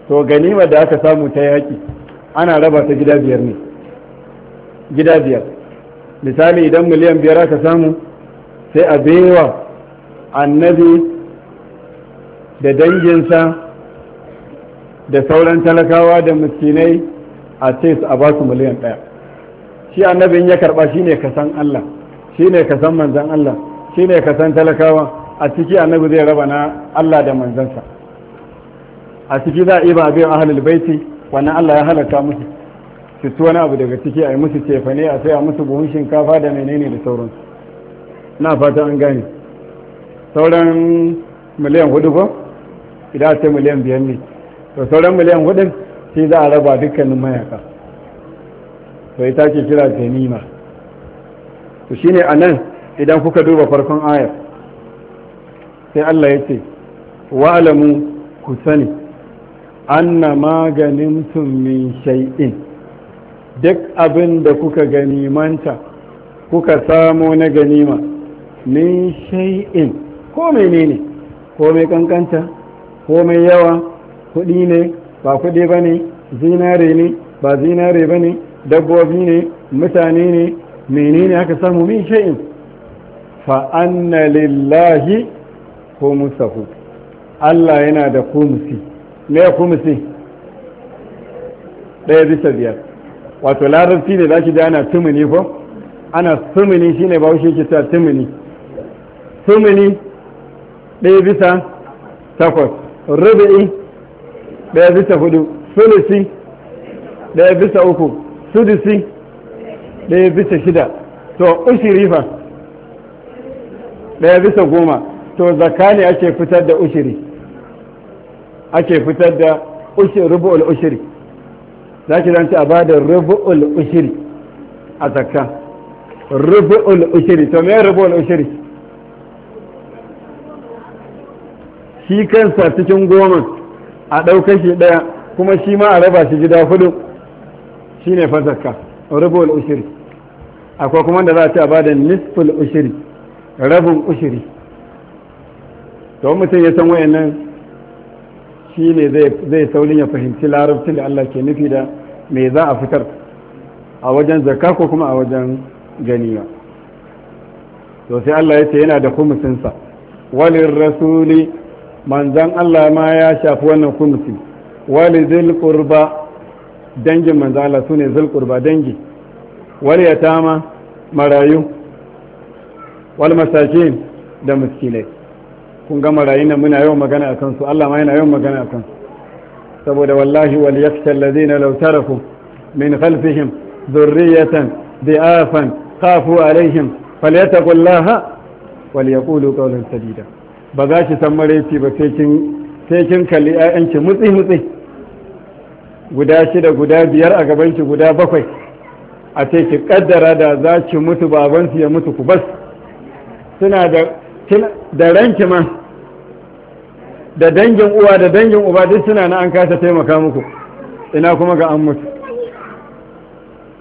to ganima da aka samu ta yaki ana raba ta gida biyar ne gida biyar misali idan miliyan biyar aka samu sai a baiwa annabi da danginsa da sauran talakawa da miskinai a ce a ba su miliyan ɗaya shi annabin ya karba shi ne kasan Allah shi ne kasan manzan Allah shi ne kasan talakawa a ciki annabi zai raba na Allah da manzansa a ciki za a iba abin ahlul baiti wannan Allah ya halatta musu su ci wani abu daga ciki a yi musu cefane a saya musu buhun shinkafa da menene da sauransu na fata an gane sauran miliyan hudu ko idan ce miliyan biyar ne to sauran miliyan hudun shi za a raba dukkanin mayaka to ita ce kira ganima to shine nan idan kuka duba farkon ayar sai Allah ya ce wa'alamu ku sani anna maganin min shay'in duk abin da kuka ganimanta kuka samo na ganima min shay'in ko menene ko mai kankanta ko mai yawa kuɗi ne ba kuɗi ba ne zinare ne ba zinare bane. dabbobi ne mutane ne menene aka samu min shay'in fa anna lillahi kumusahu Allah yana da kumusi me kumusi ɗaya bisa biyar wato larabci ne zaki da ana tumuni ko ana tumuni shine ba shi ke ta tumuni tumuni ɗaya bisa takwas rubu'i ɗaya bisa hudu sulusi ɗaya bisa uku sudusi ɗaya bisa shida to ushiri fa ɗaya bisa goma to zakani ne ake fitar da ushiri ake fitar da rubu'ul ushiri za ki zanci a bada rubu'ul ushiri a zakka rubu'ul ushiri to me rubu'ul ushiri shi kansa cikin goma a ɗaukar shi ɗaya kuma shi ma a raba shi gida hudu shine fa rubul ushri akwai kuma da za ta ba da nisful ushri rabin ushri to mutum ya san wayannan shine zai zai saurin ya fahimci larabcin da Allah ke nufi da me za a fitar a wajen zakka ko kuma a wajen ganiya to sai Allah ya ce yana da kumusinsa walin rasuli manzan Allah ma ya shafi wannan kumusi walizil qurba dangin manzo Allah sune zulqurba dangi wal yatama marayu wal masakin da miskinai kun ga marayu na muna yawan magana a kansu Allah ma yana yawan magana a kansu saboda wallahi wal yakhsha ladina law taraku min khalfihim dhurriyatan dhi'afan khafu alaihim falyattaqullaha wal yaqulu qawlan sadida ba za ki san maraici ba sai kin sai kin kalli ayyanki mutsi mutsi guda shida guda biyar a gaban shi guda bakwai a ce ki kaddara da za ki mutu babansu ya mutu ku bas suna da ranki ma da dangin uwa da dangin uba duk suna na an kasa taimaka muku ina kuma ga an mutu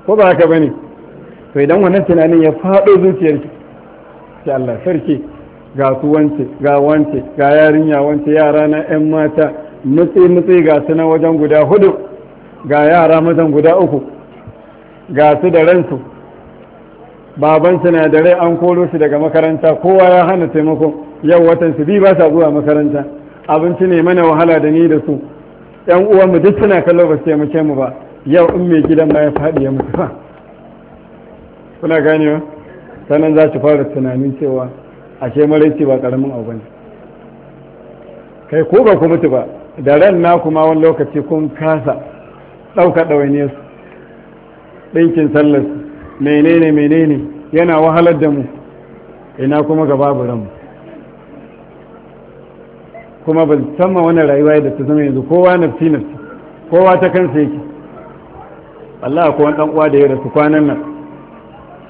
ko ba haka bane to idan wannan tunanin ya faɗo zuciyarki sai Allah sarki ga su wance ga wance ga yarinya wance yara na 'yan mata mutsi mutsi ga su na wajen guda hudu ga yara mazan guda uku ga su da ransu su na da rai an kolo su daga makaranta kowa ya hana taimako yau watan su bi ba sa zuwa makaranta abinci ne mana wahala da ni da su yan uwanmu duk suna kallo ba su taimake mu ba yau in mai gidan ma ya faɗi ya mutu fa kuna ganewa sannan za su fara tunanin cewa ce maraici ba karamin abu bane kai ko ba ku mutu ba da ran na kuma wani lokaci kun kasa ɗauka ɗawainiyarsu ɗinkin sallar menene menene yana wahalar da mu ina kuma ga babu ranmu kuma ba samma wani rayuwa da ta zama yanzu kowa nafsi nafsi kowa ta kansa yake Allah ko wani dan uwa da ya rasu kwanan nan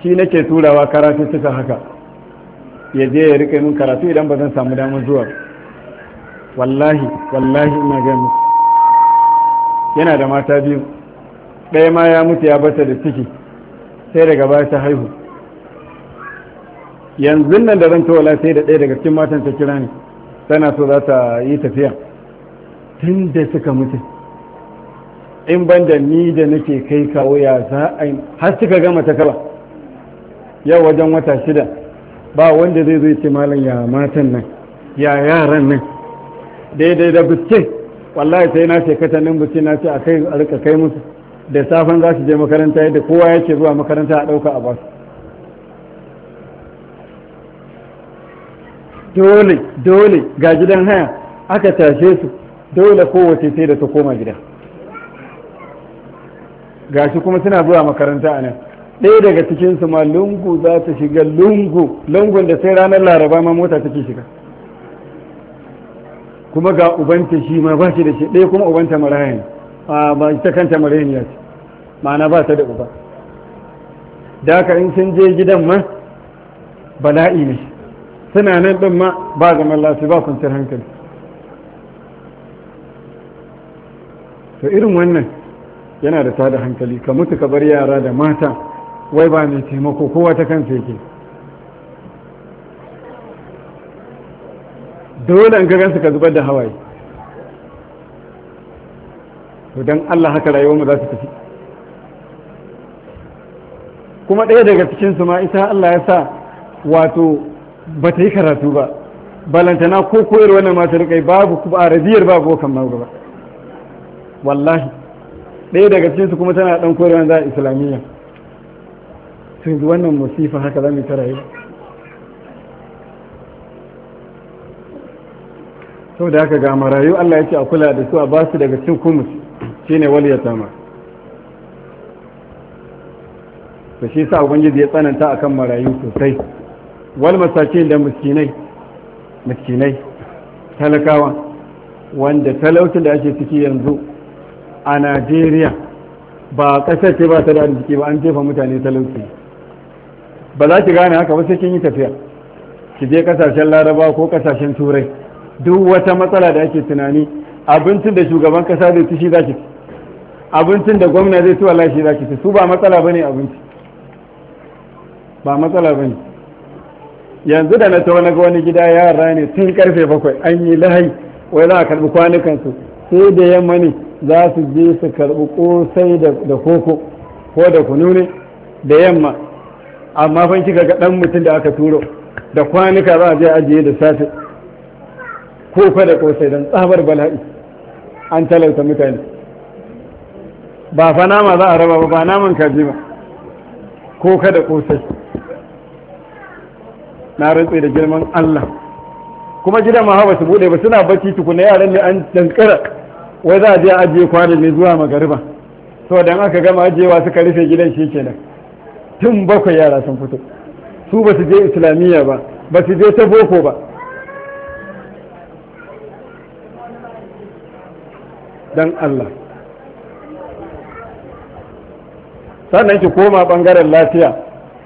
shi nake turawa karatu suka haka ya je ya rike min karatu idan ba zan samu damar zuwa wallahi wallahi ina gani. muku yana da mata biyu ɗaya ma ya mutu ya bata da ciki sai daga baya ta haihu yanzu nan da zan tawala sai da ɗaya daga cikin matan ta kira ni tana so za ta yi tafiya tun da suka mutu in ban da ni da nake kai kawo ya za a yi har suka gama ta kaba yau wajen wata shida ba wanda zai zai ce malam ya matan nan ya yaran nan daidai da biske wallahi sai na ce nan buci na ce a kai a rika kai musu da safan za su je makaranta yadda kowa ya ce zuwa makaranta a ɗauka a ba su dole dole ga gidan haya aka tashe su dole kowace sai da ta koma gida ga gashi kuma suna zuwa makaranta a nan ɗaya daga cikinsu ma lungu za ta shiga lungu lungun da sai ranar laraba ma mota take shiga kuma ga ubanta shi ma ba shi da shi ɗaya kuma ubanta maraya ne a ba ta kanta maraya ya ce ma'ana ba ta da uba da aka in sun je gidan ma bala'i ne suna nan ɗin ma ba zaman lafi ba kwanciyar hankali to irin wannan yana da tada hankali ka mutu ka bar yara da mata wai ba mai taimako kowa ta kansa yake dole an gagansu ka zubar da hawaye to don Allah haka rayuwar mu za su tafi kuma ɗaya daga cikinsu ma ita Allah ya sa wato ba ta yi karatu ba balantana ko koyar wannan mata rikai babu kuma rabiyar babu kan ma gaba wallahi ɗaya daga cikinsu kuma tana ɗan koyar wannan za a islamiyya Sun yi wannan musifa haka za mu yi ta rayuwa saboda haka ga marayu Allah ya ce a kula da su a basu daga cin kumus shine ya tama ta shi sa ubangiji ya tsananta akan marayu sosai wal masakin da miskinai miskinai talakawa wanda talautun da ake ciki yanzu a Najeriya ba kasar ce ba ta da jiki ba an jefa mutane talauci ba za ki gane haka ba sai kin yi tafiya ki je kasashen laraba ko kasashen turai duk wata matsala da ake tunani abincin da shugaban kasa zai ci shi za ki abincin da gwamna zai ci wallahi shi za ki su ba matsala bane abinci ba matsala bane yanzu da na tawo na ga wani gida yara ne tun karfe bakwai an yi lahai wai za a karbi kwanukan su sai da yamma ne za su je su karbi kosai da koko ko da kunu ne da yamma amma fa kika ga dan mutum da aka turo da kwanuka za a je ajiye da safe ko fa da kosai don tsabar bala'i an talauta mutane ba fa nama za a raba ba ba naman kaji ba ko kada da kosai na rantsi da girman Allah kuma gidan ma hawa su bude ba suna bacci tukuna yaran ne an dankara wai za a je ajiye kwana ne zuwa magariba to dan aka gama ajiyewa suka rufe gidan shi kenan tun bakwai yara sun fito su ba su je islamiyya ba ba su je ta boko ba Dan Allah sannan ki koma ɓangaren lafiya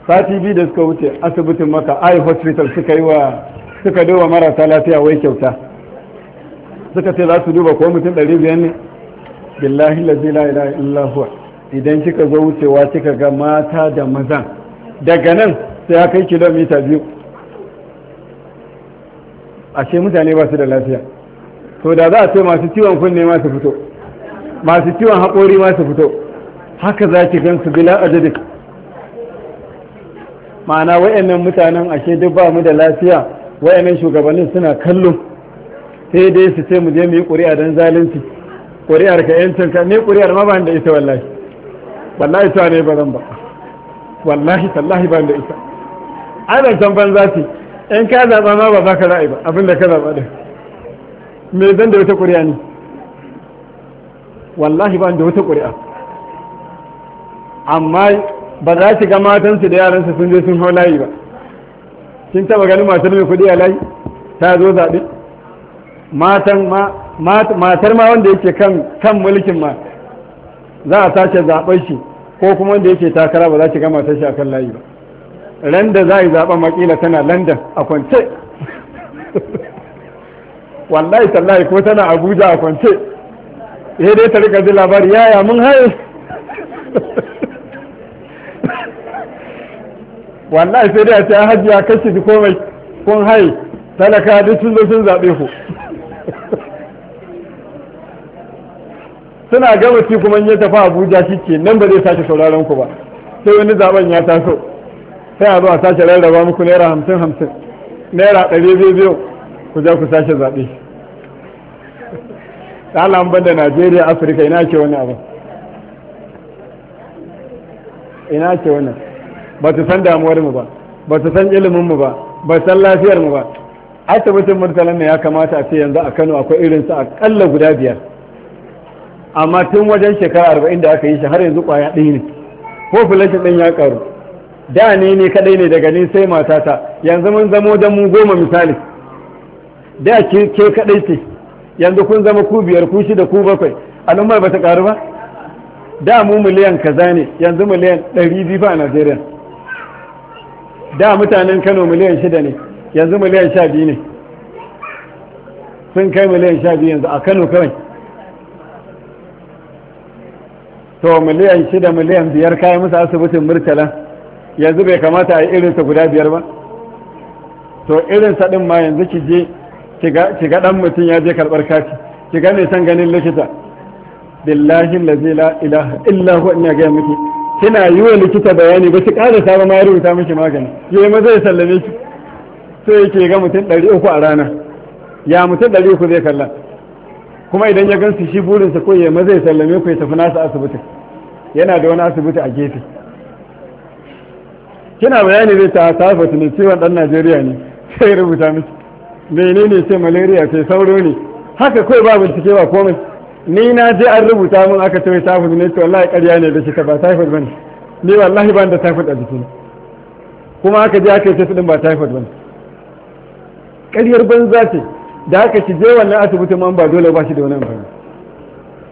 sati biyu da suka wuce asibitin maka ai hospital suka yi wa suka duba marasa lafiya wai kyauta suka ce za su duba ko mutum ɗari biyar ne billahi lazi la ilaha illahu idan kika zo wucewa kika ga mata da maza daga nan sai ya kai kilomita biyu ashe mutane ba su da lafiya to da za a ce masu ciwon kunne ma su fito masu ciwon haƙori ma su fito haka za ki gan su bila adadin ma'ana wayannan mutanen ashe duk ba mu da lafiya wayannan shugabannin suna kallo sai dai su ce mu je mu yi ƙuri'a don zalunci ƙuri'ar ka yancin ka ne ƙuri'ar ma ban da ita wallahi wallahi ta ne ba zan ba wallahi tallahi ban da ita ana can banza ce in ka zaɓa ma ba za ka ra'ayi ba abinda ka zaɓa din me zan da wata ƙuri'a ne wallahi ba da wata ƙuri'a amma ba za ki ga matansu da yaransu sun je sun hau layi ba kin taba ganin matar mai kuɗi a layi ta zo zaɓe matan ma matar ma wanda yake kan kan mulkin ma za a sace zaɓar shi ko kuma wanda yake takara ba za ki ga matar shi a kan layi ba randa za a yi zaɓen makila tana london a kwance wallahi tallahi ko tana abuja a kwance ya eh, dai ta rika ji labari yaya mun haye wallahi sai dai a ce ah, hajiya kashi ji komai kun haye talaka duk sun zo sun zaɓe ku suna ci kuma ya tafi abuja shi ke nan ba zai sake sauraron ku ba sai wani zaben ya taso sai a zo a sake rarraba muku naira hamsin hamsin naira ɗari biyu biyu ku za ku sashe zaɓe ɗalan banda najeriya afirka ina ce wani abu ina ce wani ba su san damuwar mu ba ba su san ilimin mu ba ba san lafiyar mu ba asibitin murtalan ne ya kamata a ce yanzu a kano akwai irin irinsu akalla guda biyar amma tun wajen shekara arba'in da aka yi shi har yanzu kwaya ɗaya ne ko filashin ɗin ya karu da ne ne kaɗai ne daga ni sai matata yanzu mun zamo da mu goma misali da ke ke kadai ce yanzu kun zama ku biyar ku shida ku bakwai al'ummar ba ta karu ba da mu miliyan kaza ne yanzu miliyan 200 ba a Najeriya da mutanen Kano miliyan shida ne yanzu miliyan 12 ne sun kai miliyan 12 yanzu a Kano kawai to miliyan shida miliyan biyar kayan musu asibitin murtala yanzu bai kamata a yi irinsa guda biyar ba to irinsa din ma yanzu ki je ga dan mutum ya je karbar kati kiga ne san ganin likita billahi allazi la ilaha illa huwa inna ga miki kina yi wa likita bayani ba ki kada sa ba ma rubuta miki magani yayi ma zai sallame ki sai yake ga mutum 300 a rana ya mutum 300 zai kalla kuma idan ya gansu shi burinsa ko ya ma zai sallame ku ya tafi nasa asibiti yana da wani asibiti a gefe kina bayani zai ta safa ne ciwon dan Najeriya ne sai rubuta miki menene ce malaria ce sauro ne haka kawai ba bincike ba komai ni na je an rubuta mun aka ce typhoid ne to wallahi ƙarya ne da shi ka ba typhoid bane ni wallahi ban da typhoid a jikin kuma aka je aka ce su din ba typhoid bane ƙaryar banza ce da aka ci je wannan asibitin man ba dole ba shi da wani amfani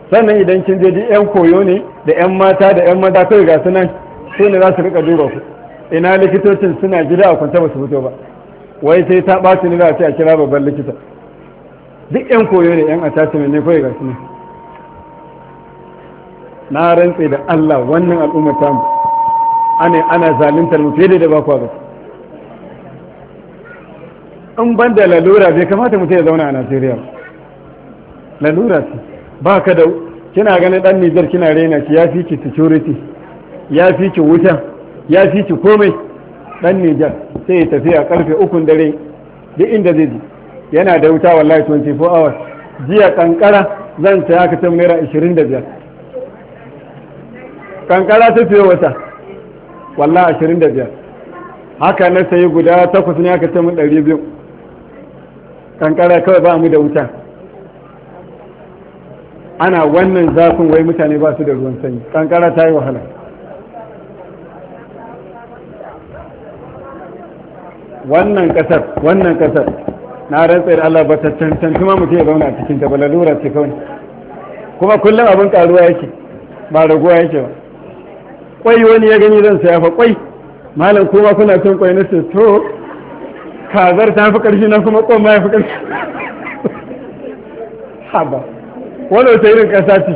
sannan idan kin je duk yan koyo ne da yan mata da yan maza kai ga sunan su ne za su rika duba ku ina likitocin suna gida a kwanta ba su fito ba wai sai ta ɓaci ne za a ce a kira babban likita duk yan koyo ne yan attachment ne kawai gasu ne na rantse da Allah wannan al'ummar tamu ana ana zaluntar mu fiye da ba kwa in ban da lalura bai kamata mutum ya zauna a Najeriya lalura ce ba ka da kina ganin dan Nijar kina rena ki ya fi ki security ya fi ki wuta ya fi ki komai dan Nijar sai ya tafiya karfe ukun dare duk inda zai ji yana da wuta wallahi 24 hours jiya kankara zan saya ka can mera 25 kankara ta fiye wata wallahi 25 haka na sayi guda takwas ne aka tamu 200 kankara kawai ba mu da wuta ana wannan zafin wai mutane ba su da ruwan sanyi kankara ta yi wahala wannan kasar wannan kasar na rantsar Allah ba ta cancan kuma mutum ya zauna a cikin ta ba lalura ce kawai kuma kullum abin karuwa yake ba raguwa yake ba kwai wani ya gani zan saya fa kwai malam kuma kuna cin kwai na ce to kazar ta fi karfi na kuma kwan ma ya fi karfi <laughs> haba wani wata irin kasa ce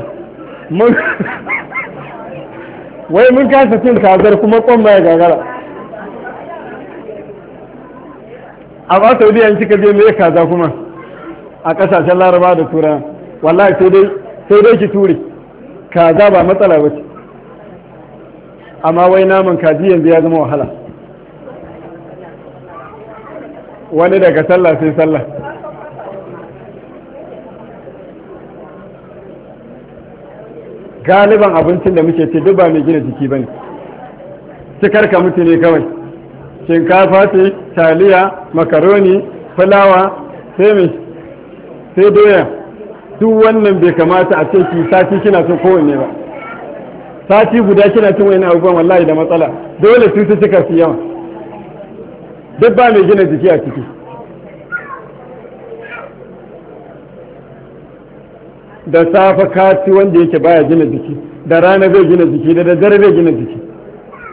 <laughs> wai mun kasa cin kazar kuma kwan ma ya gagara a ba saudiya kika je me kaza kuma a kasashen laraba da tura wallahi sai dai ki ture kaza ba matsala ba amma wai naman kaji yanzu ya zama wahala wani daga sallah sai sallah galiban abincin da muke ce duk ba mai gina jiki ba ne cikar ka mutu ne kawai shinkafa ce taliya makaroni fulawa sai sai doya duk wannan bai kamata a ce ki sati kina cin kowanne ba sati guda kina cin wani abubuwan wallahi da matsala dole ci su yawa duk ba mai gina jiki a ciki da safa kati wanda yake baya gina jiki da rana zai gina jiki da daddare zai gina jiki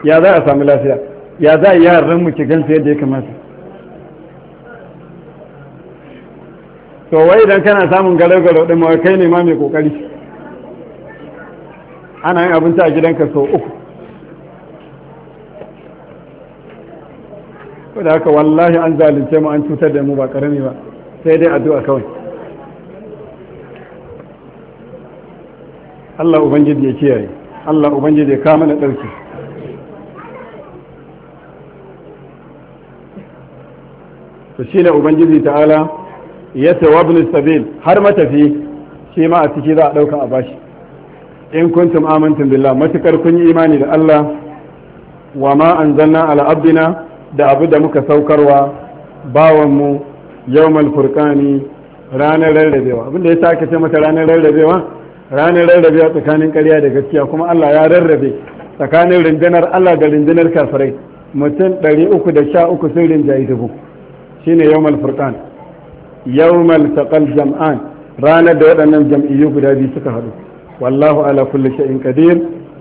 ya za a samu lafiya ya za a yaran mu ki gansu yadda ya kamata to wai idan kana samun galau-galau mawai kai ne ma mai kokari ana yin abinci a gidanka sau uku ko da haka wallahi an zalunce mu an cutar da mu ba karami ba sai dai addu'a kawai Allah Ubangiji ya kiyaye Allah Ubangiji ya kama na ɗauki to shine ubangiji ta'ala ya ibn sabil har matafi shi ma a ciki za a dauka a bashi in kuntum amantum billah matukar kun yi imani da Allah wa ma anzalna ala abdina da abu da muka saukarwa bawanmu yawmal furqani ranar rarrabewa abinda ya sake ce mata ranar rarrabewa ranar rarrabewa tsakanin ƙarya da gaskiya kuma Allah ya rarrabe tsakanin rinjinar Allah da rundunar kafirai mutum 313 sun rinjaye dubu shine yawmal furqan yawmal taqal jam'an ranar da waɗannan jam'iyyu guda biyu suka haɗu wallahu ala kulli shay'in qadir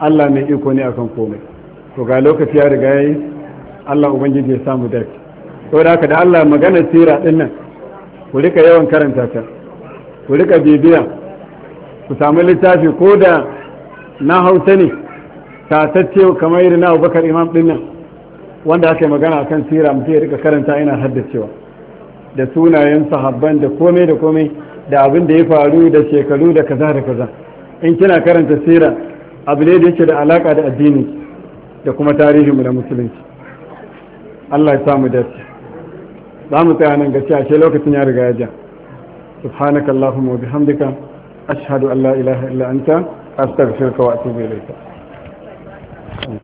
Allah mai iko ne akan komai to ga lokaci ya riga yayi Allah ubangiji ya samu dace da haka da Allah magana sira din nan ku rika yawan karanta ta ku rika bibiya ku samu littafi ko da na hausa ne ta tatacce kamar irin na Abubakar Imam din nan wanda aka yi magana kan sira mu ya rika karanta ina haddacewa da sunayen sahabban da komai da komai da abin da ya faru da shekaru da kaza da kaza in kina karanta sira abu ne da yake da alaka da addini da kuma tarihinmu na musulunci Allah ya samu dace za mu tsaya nan gaci ce lokacin ya riga ya ja subhanaka allahumma wa bihamdika ashhadu an la ilaha illa anta astaghfiruka wa atubu ilayka